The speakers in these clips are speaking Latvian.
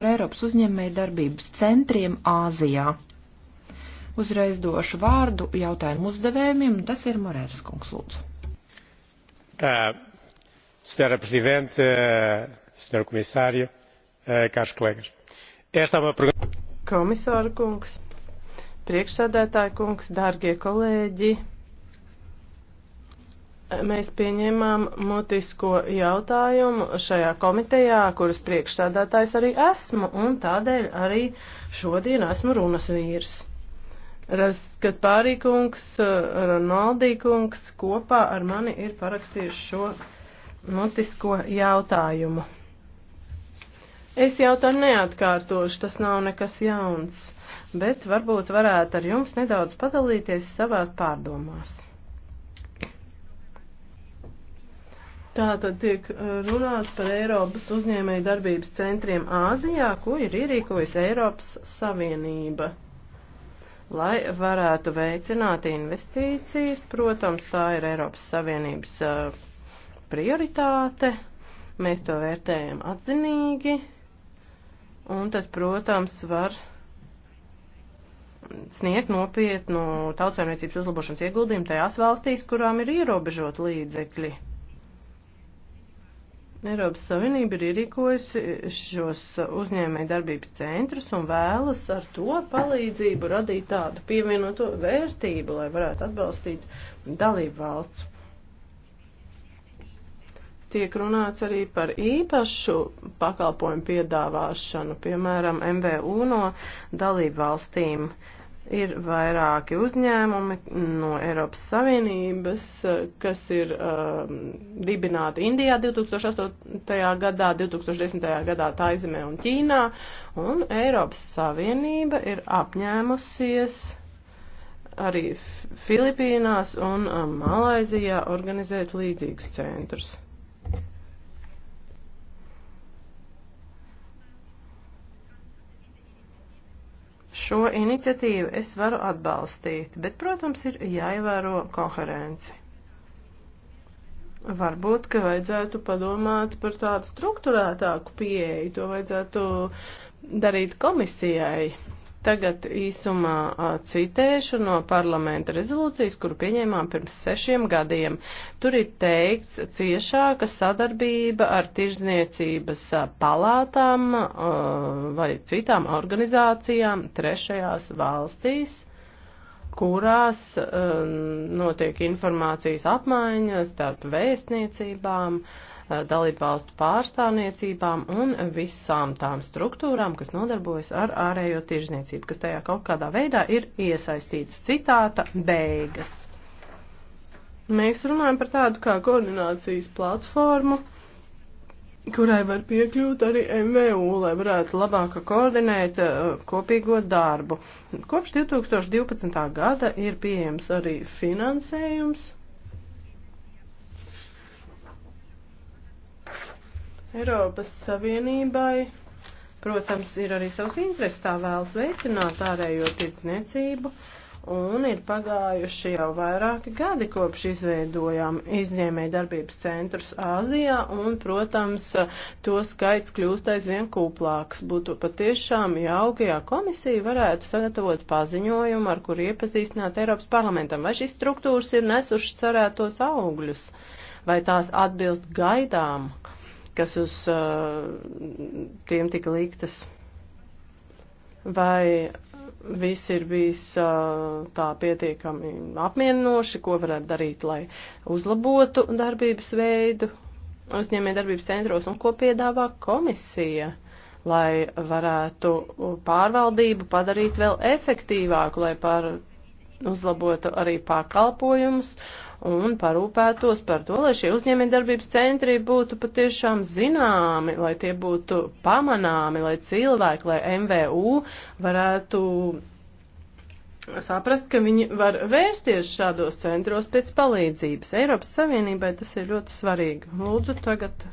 par Eiropas uzņēmēju darbības centriem Āzijā. Uzreiz došu vārdu jautājumu uzdevējumiem, un tas ir Morērs kungs, lūdzu. Uh, senhora Presidente, uh, senhor Comissário, uh, caros colegas. Esta é uma pergunta. Komisāra kungs, priekšsādētāja kungs, dārgie kolēģi. Mēs pieņēmām mutisko jautājumu šajā komitejā, kuras priekšsādātājs arī esmu, un tādēļ arī šodien esmu runas vīrs. Kas pārīkungs, Ronaldīkungs kopā ar mani ir parakstījuši šo mutisko jautājumu. Es jautāju neatkārtošu, tas nav nekas jauns, bet varbūt varētu ar jums nedaudz padalīties savās pārdomās. Tā tad tiek uh, runāts par Eiropas uzņēmēju darbības centriem Āzijā, ko ir ierīkojusi Eiropas Savienība, lai varētu veicināt investīcijas. Protams, tā ir Eiropas Savienības uh, prioritāte. Mēs to vērtējam atzinīgi, un tas, protams, var sniegt nopietnu tautsēmniecības uzlabošanas ieguldījumu tajās valstīs, kurām ir ierobežot līdzekļi. Eiropas Savienība ir ierīkojusi šos uzņēmēju darbības centrus un vēlas ar to palīdzību radīt tādu pievienoto vērtību, lai varētu atbalstīt dalību valsts. Tiek runāts arī par īpašu pakalpojumu piedāvāšanu, piemēram, MVU no dalību valstīm. Uh, ir vairāki uzņēmumi no Eiropas Savienības, kas ir uh, dibināti Indijā 2008. gadā, 2010. gadā Taizemē un Ķīnā, un Eiropas Savienība ir apņēmusies arī Filipīnās un um, Malaizijā organizēt līdzīgus centrus. Šo iniciatīvu es varu atbalstīt, bet, protams, ir jāievēro koherenci. Varbūt, ka vajadzētu padomāt par tādu struktūrētāku pieeju, to vajadzētu darīt komisijai, Tagad īsumā citēšu no parlamenta rezolūcijas, kuru pieņēmām pirms sešiem gadiem. Tur ir teikts ciešāka sadarbība ar tirzniecības palātām vai citām organizācijām trešajās valstīs kurās um, notiek informācijas apmaiņas starp vēstniecībām, uh, Eh, dalībvalstu pārstāvniecībām un visām tām struktūrām, kas nodarbojas ar ārējo tirzniecību, kas tajā kaut kādā veidā ir iesaistīts. Citāta beigas. Mēs runājam par tādu kā koordinācijas platformu, kurai var piekļūt arī MVU, lai varētu labāk koordinēt eh, kopīgo darbu. Kopš 2012. gada ir pieejams arī finansējums Eiropas Savienībai, protams, ir arī savs interesi tā vēlas veicināt ārējo tirdzniecību, un ir pagājuši jau vairāki gadi, kopš izveidojām izņēmēju darbības centrus Āzijā, un, protams, to skaits kļūst aizvien kūplāks. Būtu patiešām jauki, ja komisija varētu sagatavot paziņojumu, ar kur iepazīstināt Eiropas parlamentam, vai šīs struktūras ir nesušas cerētos augļus, vai tās atbilst gaidām. Uh, kas uz uh, tiem tika liktas. Vai viss ir bijis uh, tā pietiekami apmierinoši, ko varētu darīt, lai uzlabotu darbības veidu uzņēmē darbības centros un ko piedāvā komisija? lai varētu pārvaldību padarīt vēl efektīvāku, lai par, uzlabotu arī pakalpojumus un parūpētos par to, lai šie uzņēmējdarbības centri būtu patiešām zināmi, lai tie būtu pamanāmi, lai cilvēki, lai MVU varētu saprast, ka viņi var vērsties šādos centros pēc palīdzības. Eiropas Savienībai tas ir ļoti svarīgi. Lūdzu, tagad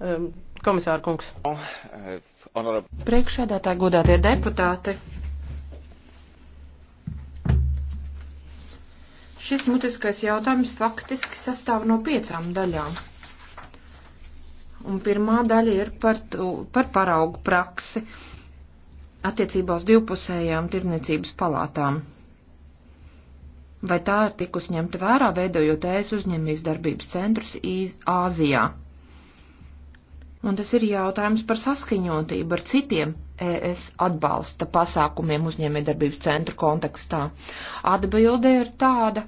um, komisāra kungs. Uh, Priekšādātāji, godātie deputāti. Šis mutiskais jautājums faktiski sastāv no piecām daļām. Un pirmā daļa ir par, to, par paraugu praksi attiecībā uz divpusējām tirniecības palātām. Vai tā ir tikus ņemta vērā, veidojot ēs uzņēmīs darbības centrus īz, Āzijā? Un tas ir jautājums par saskaņotību ar citiem ES atbalsta pasākumiem uzņēmējdarbības centru kontekstā? Atbilde ir tāda,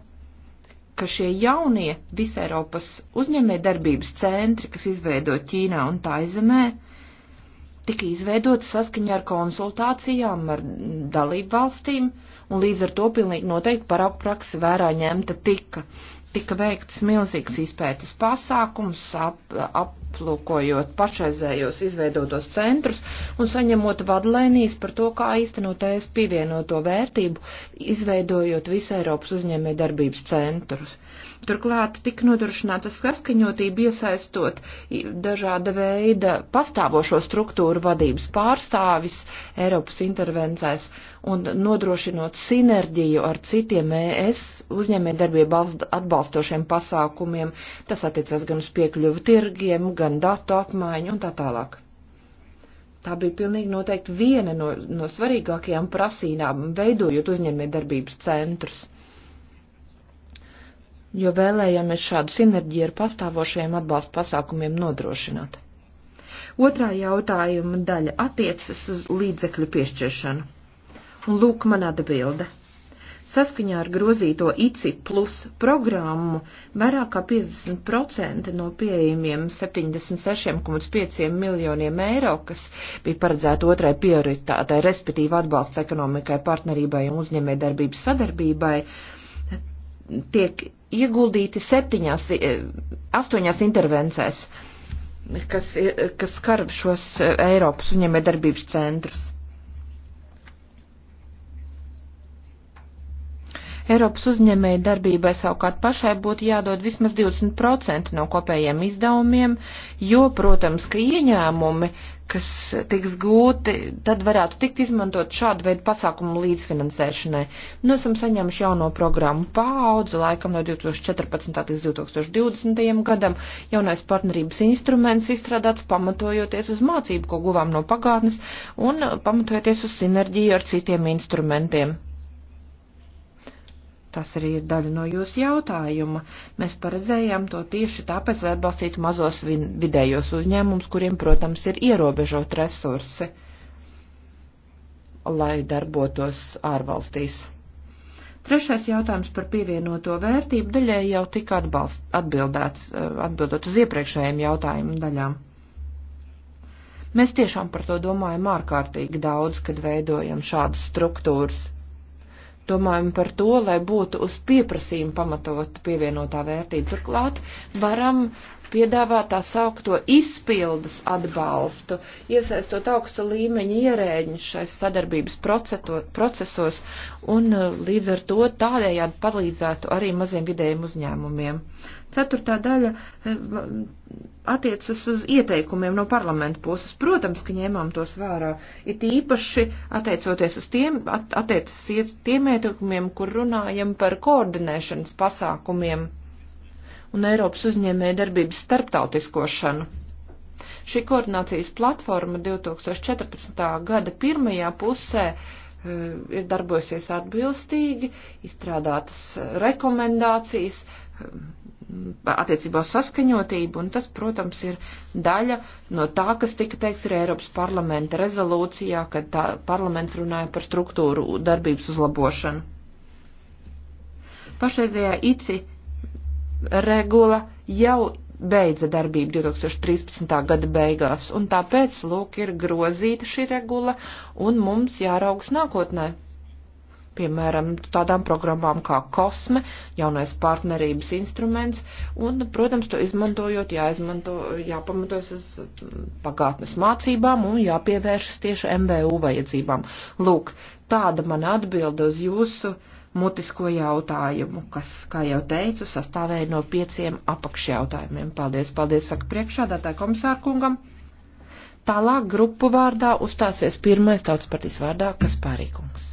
ka šie jaunie visai Eiropas uzņēmējdarbības centri, kas izveido Ķīnā un Taizemē, tika izveidoti saskaņā ar konsultācijām ar dalību valstīm, un līdz ar to pilnīgi noteikti paraugu praksi vērā ņemta tika tika veikts milzīgs izpētes pasākums, ap, aplūkojot pašreizējos izveidotos centrus un saņemot vadlēnijas par to, kā īstenot ES pievienoto vērtību, izveidojot visu Eiropas uzņēmē darbības centrus. Turklāt tika nodrošināta saskaņotība iesaistot dažāda veida pastāvošo struktūru vadības pārstāvis Eiropas intervencēs un nodrošinot sinerģiju ar citiem ES uzņēmē darbību atbalstu atbalstošiem pasākumiem. Tas attiecas gan uz piekļuvu tirgiem, gan datu apmaiņu un tā tālāk. Tā bija pilnīgi noteikti viena no, no svarīgākajām prasīnām, veidojot uzņēmējdarbības centrus. Jo vēlējamies šādu sinerģiju ar pastāvošajiem atbalsta pasākumiem nodrošināt. Otrā jautājuma daļa attiecas uz līdzekļu piešķiršanu. Un lūk man atbilde. Saskaņā ar grozīto ICI plus programmu vairāk kā 50% no pieejamiem 76,5 miljoniem eiro, kas bija paredzēta otrai prioritātei, respektīvi atbalsts ekonomikai, partnerībai un uzņēmē darbības sadarbībai, tiek ieguldīti septiņās, eh, astoņās intervencēs, kas, kas skar šos eh, Eiropas uzņēmē darbības centrus. Eiropas uzņēmēja darbībai savukārt pašai būtu jādod vismaz 20% no kopējiem izdevumiem, jo, protams, ka ieņēmumi, kas tiks gūti, tad varētu tikt izmantot šādu veidu pasākumu līdzfinansēšanai. Nu, esam saņēmuši jauno programmu paaudzu laikam no 2014. līdz 2020. gadam. Jaunais partnerības instruments izstrādāts pamatojoties uz mācību, ko guvām no pagātnes un pamatojoties uz sinerģiju ar citiem instrumentiem. Tas arī ir daļa no jūsu jautājuma. Mēs paredzējām to tieši tāpēc, lai atbalstītu mazos vidējos uzņēmumus, kuriem, protams, ir ierobežot resursi, lai darbotos ārvalstīs. Trešais jautājums par pievienoto vērtību daļai jau tika atbalst, atbildēts, eh, atbildot uz iepriekšējiem jautājumu daļām. Mēs tiešām par to domājam ārkārtīgi daudz, kad veidojam šādas struktūras domājam par to, lai būtu uz pieprasījumu pamatota pievienotā vērtība. Turklāt varam piedāvā tā saukto izpildes atbalstu, iesaistot augsta līmeņa ierēģiņus šais sadarbības proceto, procesos un uh, līdz ar to tādējādi palīdzētu arī maziem vidējiem uzņēmumiem. Ceturtā daļa eh, attiecas uz ieteikumiem no parlamenta puses. Protams, ka ņēmām tos vērā. It īpaši attiecoties uz tiem, at, attiecas tiem ieteikumiem, kur runājam par koordinēšanas pasākumiem un Eiropas uzņēmēja darbības starptautiskošanu. Šī koordinācijas platforma 2014. gada pirmajā pusē eh, ir darbosies atbilstīgi, izstrādātas eh, rekomendācijas eh, attiecībā uz saskaņotību, un tas, protams, ir daļa no tā, kas tika teikts arī Eiropas parlamenta rezolūcijā, kad tā, parlaments runāja par struktūru darbības uzlabošanu. Pašreizējā ICI regula jau beidza darbību 2013. gada beigās, un tāpēc, lūk, ir grozīta šī regula, un mums jāraugs nākotnē. Piemēram, tādām programmām kā kosme, jaunais partnerības instruments, un, protams, to izmantojot, jāizmanto, jāpamatojas uz pagātnes mācībām un jāpievēršas tieši MVU vajadzībām. Lūk, tāda man atbilda uz jūsu uh, mutisko jautājumu, kas, kā jau teicu, sastāvēja no pieciem apakšjautājumiem. Paldies, paldies, saka priekšādātāja komisārkungam. Tālāk grupu vārdā uzstāsies pirmais tautas partijas vārdā, kas pārīkums.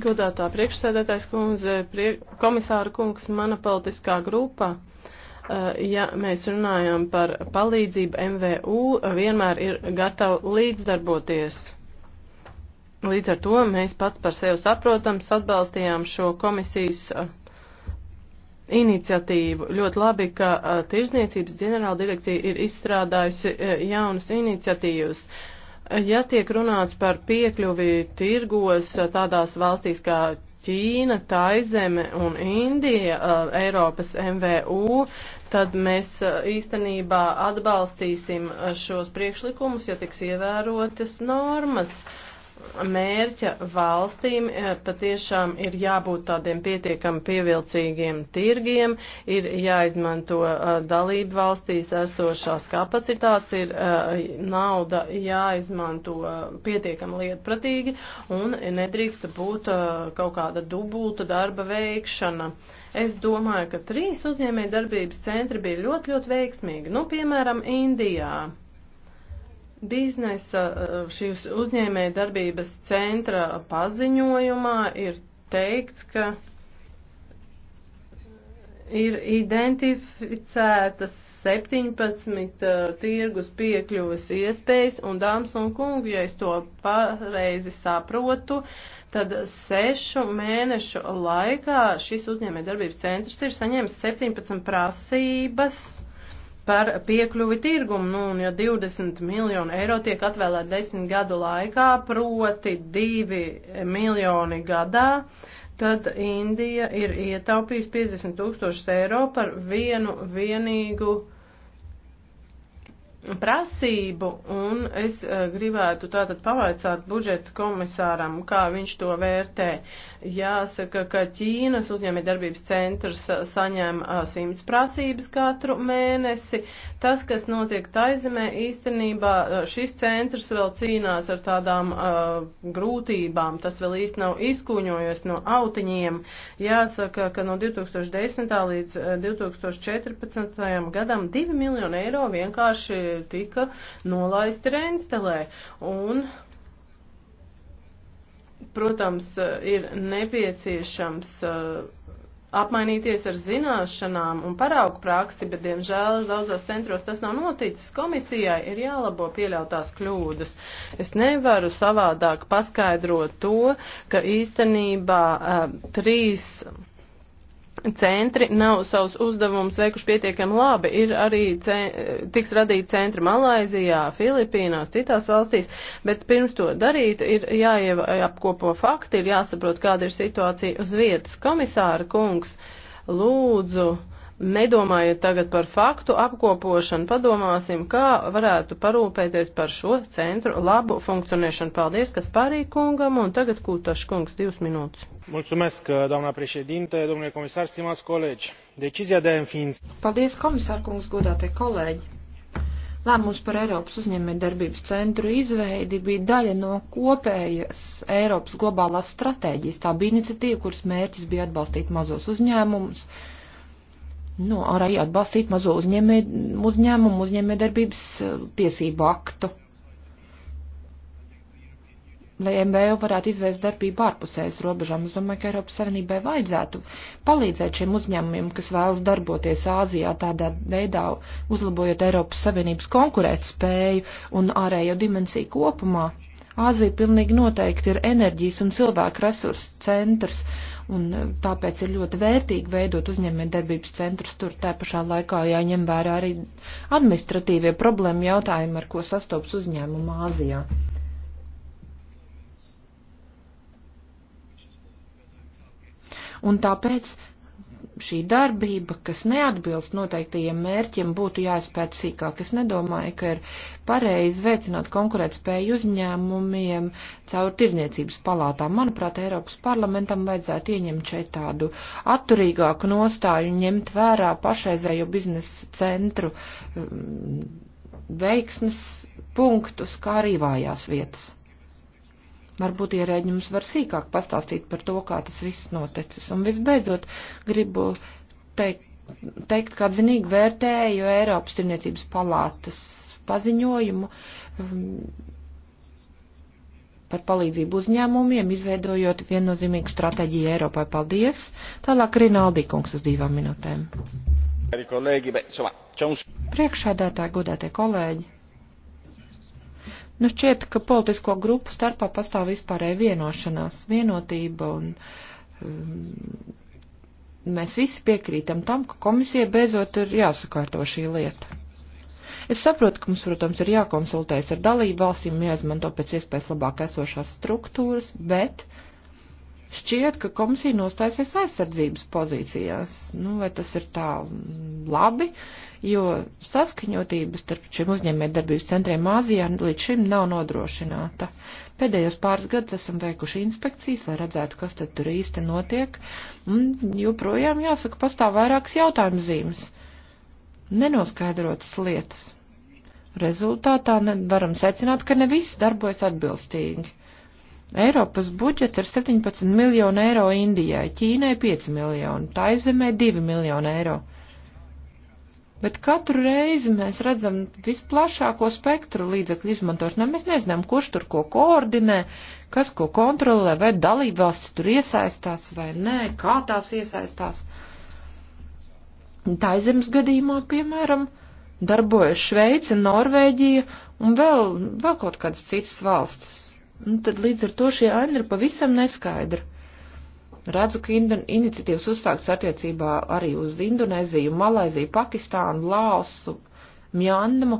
Godātā priekšsēdētājs kundze, prie, komisāra kungs, mana politiskā grupa eh, ja mēs runājam par palīdzību MVU, vienmēr ir gatavi līdzdarboties. Līdz ar to mēs pats par sevi saprotams atbalstījām šo komisijas uh, iniciatīvu. Ļoti labi, ka uh, Tirzniecības ģenerāla direkcija ir izstrādājusi uh, jaunas iniciatīvas. Ja tiek runāts par piekļuvi tirgos tādās valstīs kā Ķīna, Taizeme un Indija, Eiropas MVU, tad mēs īstenībā atbalstīsim šos priekšlikumus, ja tiks ievērotas normas. Uh, mērķa valstīm eh, patiešām ir jābūt tādiem pietiekami pievilcīgiem tirgiem, ir jāizmanto eh, dalību valstīs esošās kapacitātes, ir eh, nauda jāizmanto pietiekami lietpratīgi un nedrīkst būt kaut kāda dubulta darba veikšana. Es domāju, ka trīs uzņēmējdarbības centri bija ļoti, ļoti veiksmīgi. Nu, piemēram, Indijā. Biznesa eh, šīs uzņēmē darbības centra paziņojumā ir teikts, ka ir identificētas 17 uh, eh, tirgus piekļuves iespējas, un dāmas un kungi, ja es to pareizi saprotu, tad sešu mēnešu laikā šis uzņēmē darbības centrs ir saņēmis 17 prasības par piekļuvi tirgumu. Nu, un, ja 20 miljoni eiro tiek atvēlēt 10 gadu laikā, proti 2 miljoni gadā, tad Indija ir ietaupījusi 50 tūkstošus eiro par vienu vienīgu uh, prasību, un es e, gribētu tātad pavaicāt budžeta komisāram, kā viņš to vērtē. Jāsaka, ka Ķīnas uzņēmē darbības centrs e, saņem e, simts prasības katru mēnesi. Tas, kas notiek taizemē, īstenībā šis centrs vēl cīnās ar tādām uh, grūtībām. Tas vēl īsti nav izkūņojies no autiņiem. Jāsaka, ka no 2010. līdz 2014. gadam 2 miljonu eiro vienkārši tika nolaisti Renstelē. Un protams, ir nepieciešams uh, apmainīties ar zināšanām un paraugu praksi, bet, diemžēl, daudzās centros tas nav noticis. Komisijai ir jālabo pieļautās kļūdas. Es nevaru savādāk paskaidrot to, ka īstenībā uh, trīs. Uh, centri nav savus uzdevumus veikuši pietiekami labi. Ir arī tiks radīti centri Malaizijā, Filipīnās, citās valstīs, bet pirms to darīt ir jāapkopo fakti, ir jāsaprot, kāda ir situācija uz vietas. Komisāra kungs, lūdzu Nedomājiet tagad par faktu apkopošanu, padomāsim, kā varētu parūpēties par šo centru labu funkcionēšanu. Paldies, kas pārī kungam, un tagad kūtaš kungs divas minūtes. Mulțumesc, doamna președinte, domnule comisar, stimați colegi. Decizia de a înființa. Paldies, komisār kungs, godātie kolēģi. Lēmums par Eiropas uzņēmējdarbības centru izveidi bija daļa no kopējas Eiropas globālās stratēģijas. Tā bija iniciatīva, kuras mērķis bija atbalstīt mazos uzņēmumus nu, arī atbalstīt mazo uzņēmē, uzņēmumu uzņēmējdarbības e, tiesību aktu, lai MBO varētu izvērst darbību ārpusējas robežām. Es domāju, ka Eiropas Savienībai vajadzētu palīdzēt šiem uzņēmumiem, kas vēlas darboties Āzijā tādā veidā, uzlabojot Eiropas Savienības konkurētspēju un ārējo dimensiju kopumā. Āzija pilnīgi noteikti ir enerģijas un cilvēku resursu centrs, un e, tāpēc ir ļoti vērtīgi veidot uzņēmējdarbības centrus tur tā pašā laikā jāņem vērā arī administratīvie problēma jautājumi, ar ko sastopas uzņēmuma Āzijā. Un tāpēc šī darbība, kas neatbilst noteiktajiem mērķiem, būtu jāspēc sīkāk. Es nedomāju, ka ir pareizi veicināt konkurētspēju uzņēmumiem caur tirzniecības palātām. Manuprāt, Eiropas parlamentam vajadzētu ieņemt šeit tādu atturīgāku nostāju, ņemt vērā pašreizējo biznesa centru um, veiksmes punktus, kā arī vājās vietas. Varbūt ierēģi mums var sīkāk pastāstīt par to, kā tas viss noticis. Un visbeidzot, gribu teikt, teikt kā zinīgi vērtēju Eiropas tirniecības palātas paziņojumu um, par palīdzību uzņēmumiem, izveidojot viennozīmīgu stratēģiju Eiropai. Paldies! Tālāk Rinaldī kungs uz divām minūtēm. Priekšādātāji, godātie kolēģi! Nu šķiet, ka politisko grupu starpā pastāv vispārēja vienošanās, vienotība un um, mēs visi piekrītam tam, ka komisija beidzot ir jāsakārto šī lieta. Es saprotu, ka mums, protams, ir jākonsultējas ar dalību valstīm, jāizmanto pēc iespējas labāk esošās struktūras, bet šķiet, ka komisija nostāsies aizsardzības pozīcijās. Nu, vai tas ir tā labi? Uh, jo saskaņotības starp šiem uzņēmējdarbības centriem Āzijā līdz šim nav nodrošināta. Pēdējos pāris gadus esam veikuši inspekcijas, lai redzētu, kas tad tur īsti notiek, un joprojām jāsaka, pastāv vairākas jautājuma zīmes. Nenoskaidrotas lietas. Rezultātā varam secināt, ka ne viss darbojas atbilstīgi. Eiropas budžets ir 17 miljonu eiro Indijai, Ķīnai 5 miljonu, Taizemē 2 miljonu eiro. Bet katru reizi mēs redzam visplašāko spektru līdzekļu izmantošanā. Mēs nezinām, kurš tur ko koordinē, kas ko kontrolē, vai dalībvalstis tur iesaistās vai nē, kā tās iesaistās. Taizemes gadījumā, piemēram, darbojas Šveice, Norvēģija un vēl, vēl kaut kādas citas valstis. Un tad līdz ar to šie aini ir pavisam neskaidri redzu, ka iniciatīvas uzsākts attiecībā arī uz Indonēziju, Malaiziju, Pakistānu, Laosu, Mjandamu.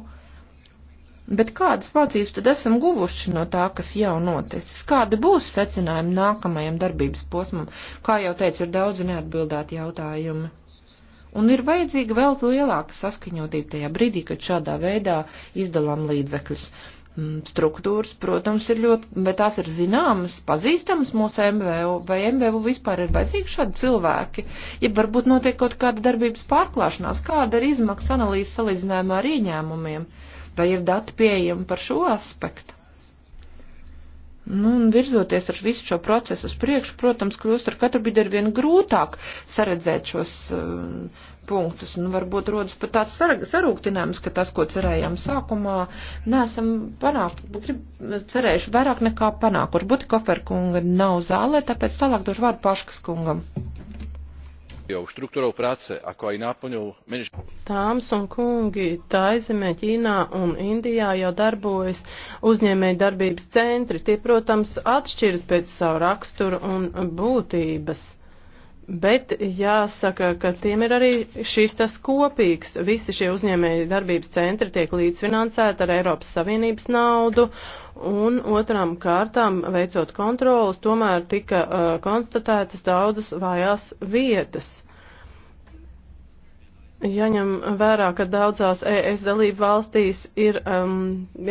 Bet kādas mācības tad esam guvuši no tā, kas jau noticis? Kādi būs secinājumi nākamajam darbības posmam? Kā jau teicu, ir daudz neatbildēti jautājumi. Un ir vajadzīga vēl lielāka saskaņotība tajā brīdī, kad šādā veidā izdalām līdzekļus. Mm, struktūras, protams, ir ļoti, vai tās ir zināmas, pazīstamas mūsu MVU, vai MVU vispār ir vajadzīgi šādi cilvēki, ja varbūt notiek kaut kāda darbības pārklāšanās, kāda ir izmaksu analīze salīdzinājumā ar ieņēmumiem, vai ir dati pieejami par šo aspektu. Nu, un virzoties ar visu šo procesu uz priekšu, protams, kļūst ar katru brīdi ar vien grūtāk saredzēt šos uh, punktus. Nu, varbūt rodas pat tāds sarūktinājums, ka tas, ko cerējām sākumā, nesam panākt, grib, cerējuši vairāk nekā panākuši. Butikofer kunga nav zālē, tāpēc tālāk došu vārdu Paškas kungam. Prāce, Tāms un kungi, Taizemē, Ķīnā un Indijā jau darbojas uzņēmēji darbības centri. Tie, protams, atšķiras pēc savu raksturu un būtības. Bet jāsaka, ka tiem ir arī šis tas kopīgs. Visi šie uzņēmēji darbības centri tiek līdzfinansēti ar Eiropas Savienības naudu, un otrām kārtām, veicot kontrolas, tomēr tika uh, konstatētas daudzas vājās vietas. Jaņem vērā, ka daudzās ES dalību valstīs ir um,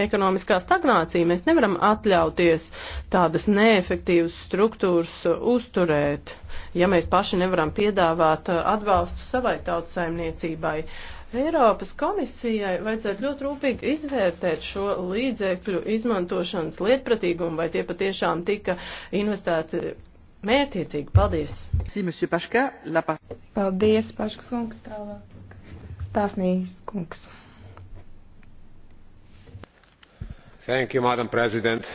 ekonomiskā stagnācija, mēs nevaram atļauties tādas neefektīvas struktūras uzturēt, ja mēs paši nevaram piedāvāt uh, atbalstu savai tautsaimniecībai. Eiropas komisijai vajadzētu ļoti rūpīgi izvērtēt šo līdzekļu izmantošanas lietpratīgumu, vai tie patiešām tika investēti mērķiecīgi. Paldies! Paldies, Paškas kungs, tālāk. Stāsnīs kungs. Thank you, Madam President.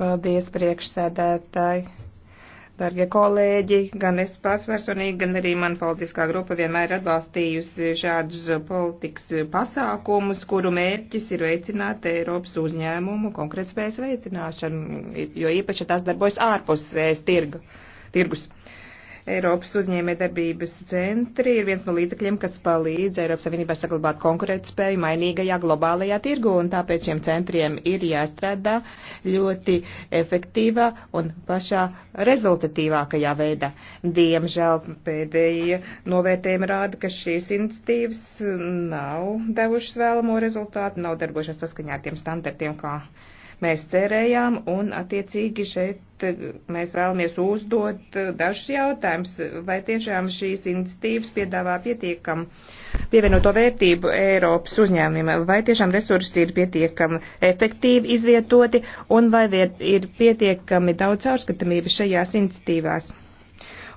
Paldies, priekšsēdētāji. Dargie kolēģi, gan es pats personīgi, gan arī mana politiskā grupa vienmēr atbalstījusi šādus politikas pasākumus, kuru mērķis ir veicināt Eiropas uzņēmumu konkrētspējas veicināšanu, jo īpaši tas darbojas ārpus tirga, tirgus. Eiropas uzņēmējdarbības centri ir viens no līdzekļiem, kas palīdz Eiropas Savienībai saglabāt konkurētspēju mainīgajā globālajā tirgu, un tāpēc šiem centriem ir jāstrādā ļoti efektīvā un pašā rezultatīvākajā veidā. Diemžēl pēdējie novērtējumi rāda, ka šīs institīvas nav devušas vēlamo rezultātu, nav darbojušās saskaņā ar tiem standartiem, kā mēs cerējām, un attiecīgi šeit eh, mēs vēlamies uzdot eh, dažus jautājumus, vai tiešām šīs iniciatīvas piedāvā pietiekam pievienoto vērtību Eiropas uzņēmumiem, vai tiešām resursi ir pietiekami efektīvi izvietoti, un vai ir pietiekami daudz caurskatamības šajās iniciatīvās.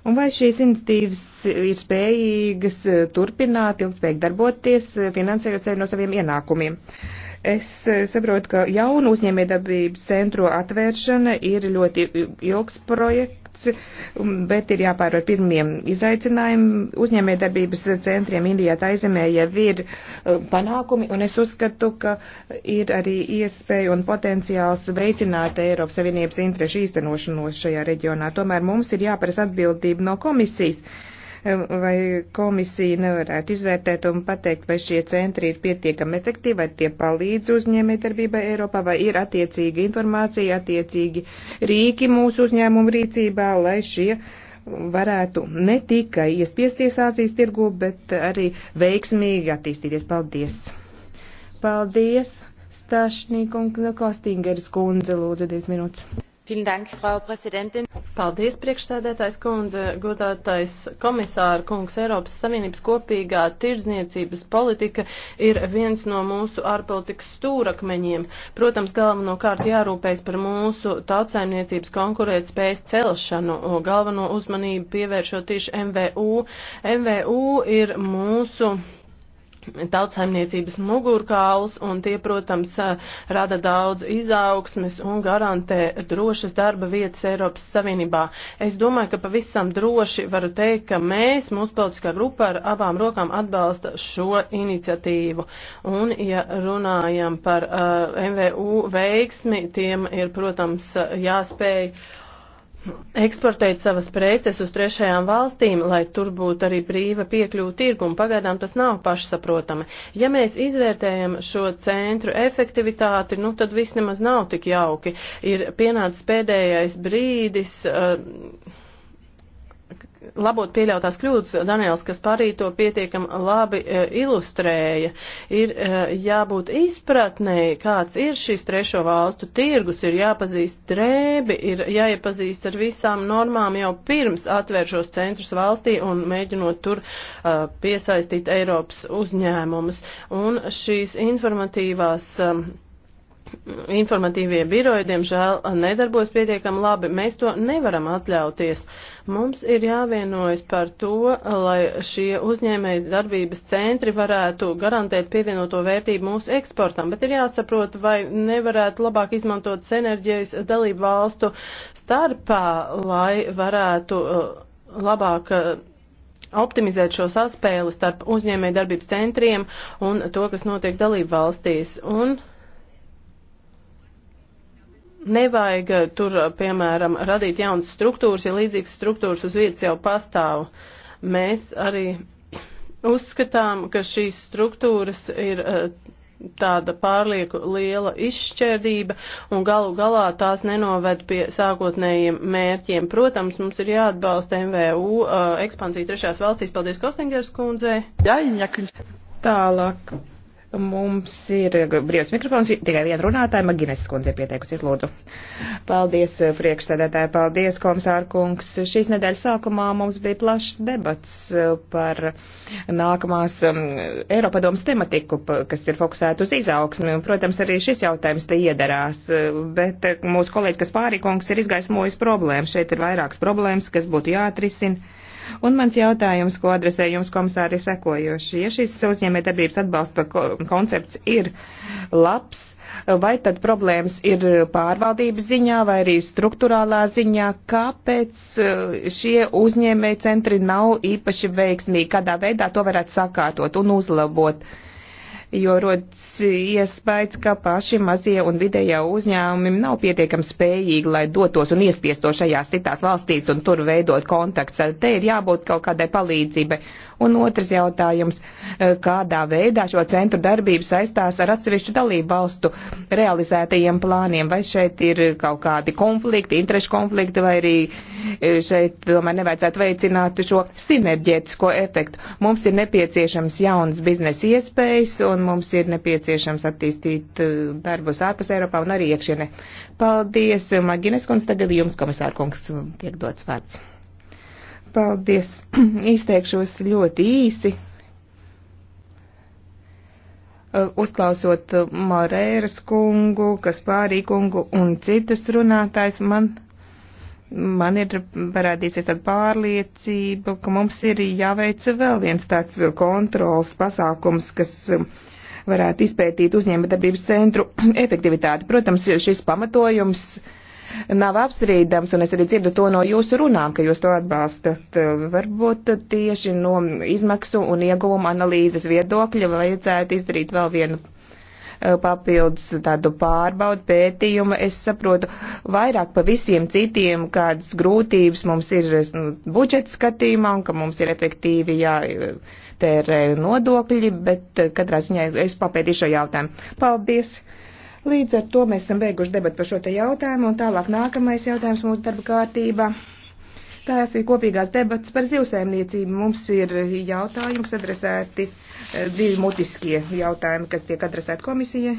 Un vai šīs iniciatīvas ir spējīgas eh, turpināt, ilgspējīgi darboties, finansējot sevi no saviem ienākumiem? Uh, Es e, saprotu, ka jaunu uzņēmējdarbības centru atvēršana ir ļoti ilgs projekts, um, bet ir jāpārvar pirmiem izaicinājumiem. Uzņēmējdarbības centriem Indijā taizemē jau ir e, panākumi, un es uzskatu, ka ir arī iespēja un potenciāls veicināt Eiropas Savienības interešu īstenošanos šajā reģionā. Tomēr mums ir jāparas atbildība no komisijas vai komisija nevarētu izvērtēt un pateikt, vai šie centri ir pietiekami efektīvi, vai tie palīdz uzņēmējdarbībai Eiropā, vai ir attiecīga informācija, attiecīgi rīki mūsu uzņēmumu rīcībā, lai šie varētu ne tikai iespiesties Āzijas tirgu, bet arī veiksmīgi attīstīties. Paldies! Paldies! Stašnīkungs, Kostingeris kundze, lūdzu, 10 minūtes frau präsidentin! Paldies, priekšsēdētājs kundze, godātais komisāra kungs. Eiropas Savienības kopīgā tirdzniecības politika ir viens no mūsu ārpolitikas stūrakmeņiem. Protams, galvenokārt jārūpējas par mūsu tautsaimniecības konkurētspējas celšanu, galveno uzmanību pievēršot tieši MVU. MVU ir mūsu tautsaimniecības mugurkauls, un tie, protams, rada daudz izaugsmes un garantē drošas darba vietas Eiropas Savienībā. Es domāju, ka pavisam droši varu teikt, ka mēs, mūsu politiskā grupa, ar abām rokām atbalsta šo iniciatīvu. Un, ja runājam par uh, MVU veiksmi, tiem ir, protams, jāspēj eksportēt savas preces uz trešajām valstīm, lai tur būtu arī brīva piekļuva tirgumu. Pagaidām tas nav pašsaprotami. Ja mēs izvērtējam šo centru efektivitāti, nu tad viss nemaz nav tik jauki. Ir pienācis pēdējais brīdis. Uh, labot pieļautās kļūdas, Daniels, kas parī to pietiekam labi e, ilustrēja, ir e, jābūt izpratnēji, kāds ir šis trešo valstu tirgus, ir jāpazīst drēbi, ir jāiepazīst ar visām normām jau pirms atvēršos centrus valstī un mēģinot tur e, piesaistīt Eiropas uzņēmumus. Un šīs informatīvās e, informatīvie biroji, diemžēl, nedarbojas pietiekami labi. Mēs to nevaram atļauties. Mums ir jāvienojas par to, lai šie uzņēmēji darbības centri varētu garantēt pievienoto vērtību mūsu eksportam, bet ir jāsaprot, vai nevarētu labāk izmantot sinerģijas dalību valstu starpā, lai varētu uh, labāk uh, optimizēt šo saspēli starp uzņēmēju darbības centriem un to, kas notiek dalību valstīs. Un nevajag eh, tur, eh, piemēram, radīt jaunas struktūras, ja līdzīgas struktūras uz vietas jau pastāv. Mēs arī uzskatām, ka šīs struktūras ir eh, tāda pārlieku liela izšķērdība un galu galā tās nenoved pie sākotnējiem mērķiem. Protams, mums ir jāatbalsta MVU ekspansija trešās valstīs. Paldies Kostingers kundzei. Tālāk. Mums ir brīvs mikrofons, tikai viena runātāja, Magines skundze pieteikusies, lūdzu. Paldies, eh, priekšsēdētāji, paldies, komisāra kungs. Šīs nedēļas sākumā mums bija plašs debats eh, par nākamās um, Eiropadomas tematiku, kas ir fokusēta uz izaugsmi. Protams, arī šis jautājums te iederās, eh, bet mūsu kolēģis, kas pārī kungs, ir izgaismojis problēmas. Šeit ir vairākas problēmas, kas būtu jāatrisina Un mans jautājums, ko adresēju jums, komisāri, sekojoši. Ja šis uzņēmē darbības atbalsta koncepts ir labs, vai tad problēmas ir pārvaldības ziņā vai arī struktūrālā ziņā, kāpēc eh, šie uzņēmē centri nav īpaši veiksmīgi, kādā veidā to varētu sakārtot un uzlabot? jo rodas iespējas, ka paši mazie un vidējā uzņēmumi nav pietiekami spējīgi, lai dotos un iespiesto šajās citās valstīs un tur veidot kontakts. Te ir jābūt kaut kādai palīdzībai. Un otrs jautājums, eh, kādā veidā šo centru darbību saistās ar atsevišķu dalību valstu realizētajiem plāniem? Vai šeit ir kaut kādi konflikti, interešu konflikti, vai arī eh, šeit, domāju, nevajadzētu veicināt šo sinerģētisko efektu? Mums ir nepieciešams jauns biznesa iespējas, un mums ir nepieciešams attīstīt eh, darbus ārpus Eiropā un arī iekšienē. Paldies, Magines kundze, tagad jums, komisārkungs, tiek dots vārds. Paldies. Izteikšos ļoti īsi. Uzklausot Morēras kungu, Kaspārī kungu un citus runātājs, man, man ir parādīsies tāda pārliecība, ka mums ir jāveic vēl viens tāds kontrols pasākums, kas varētu izpētīt uzņēmējdarbības centru efektivitāti. Protams, šis pamatojums uh, nav apstrīdams, un es arī dzirdu to no jūsu runām, ka jūs to atbalstat. Varbūt tieši no izmaksu un ieguvuma analīzes viedokļa vajadzētu izdarīt vēl vienu eh, papildus tādu pārbaudu pētījumu. Es saprotu vairāk pa visiem citiem, kādas grūtības mums ir nu, budžeta skatījumā un ka mums ir efektīvi jātērē nodokļi, bet eh, katrā ziņā es papētīšu šo jautājumu. Paldies! Līdz ar to mēs esam beiguši debatu par šo te jautājumu, un tālāk nākamais jautājums mūsu darba kārtībā. Tās ir kopīgās debatas par zivsēmniecību. Mums ir jautājums adresēti eh, divi mutiskie jautājumi, kas tiek adresēti komisijai.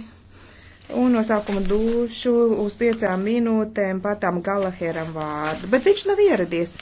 Un no sākuma dušu uz piecām minūtēm patām Galaheram vārdu. Bet viņš nav ieradies.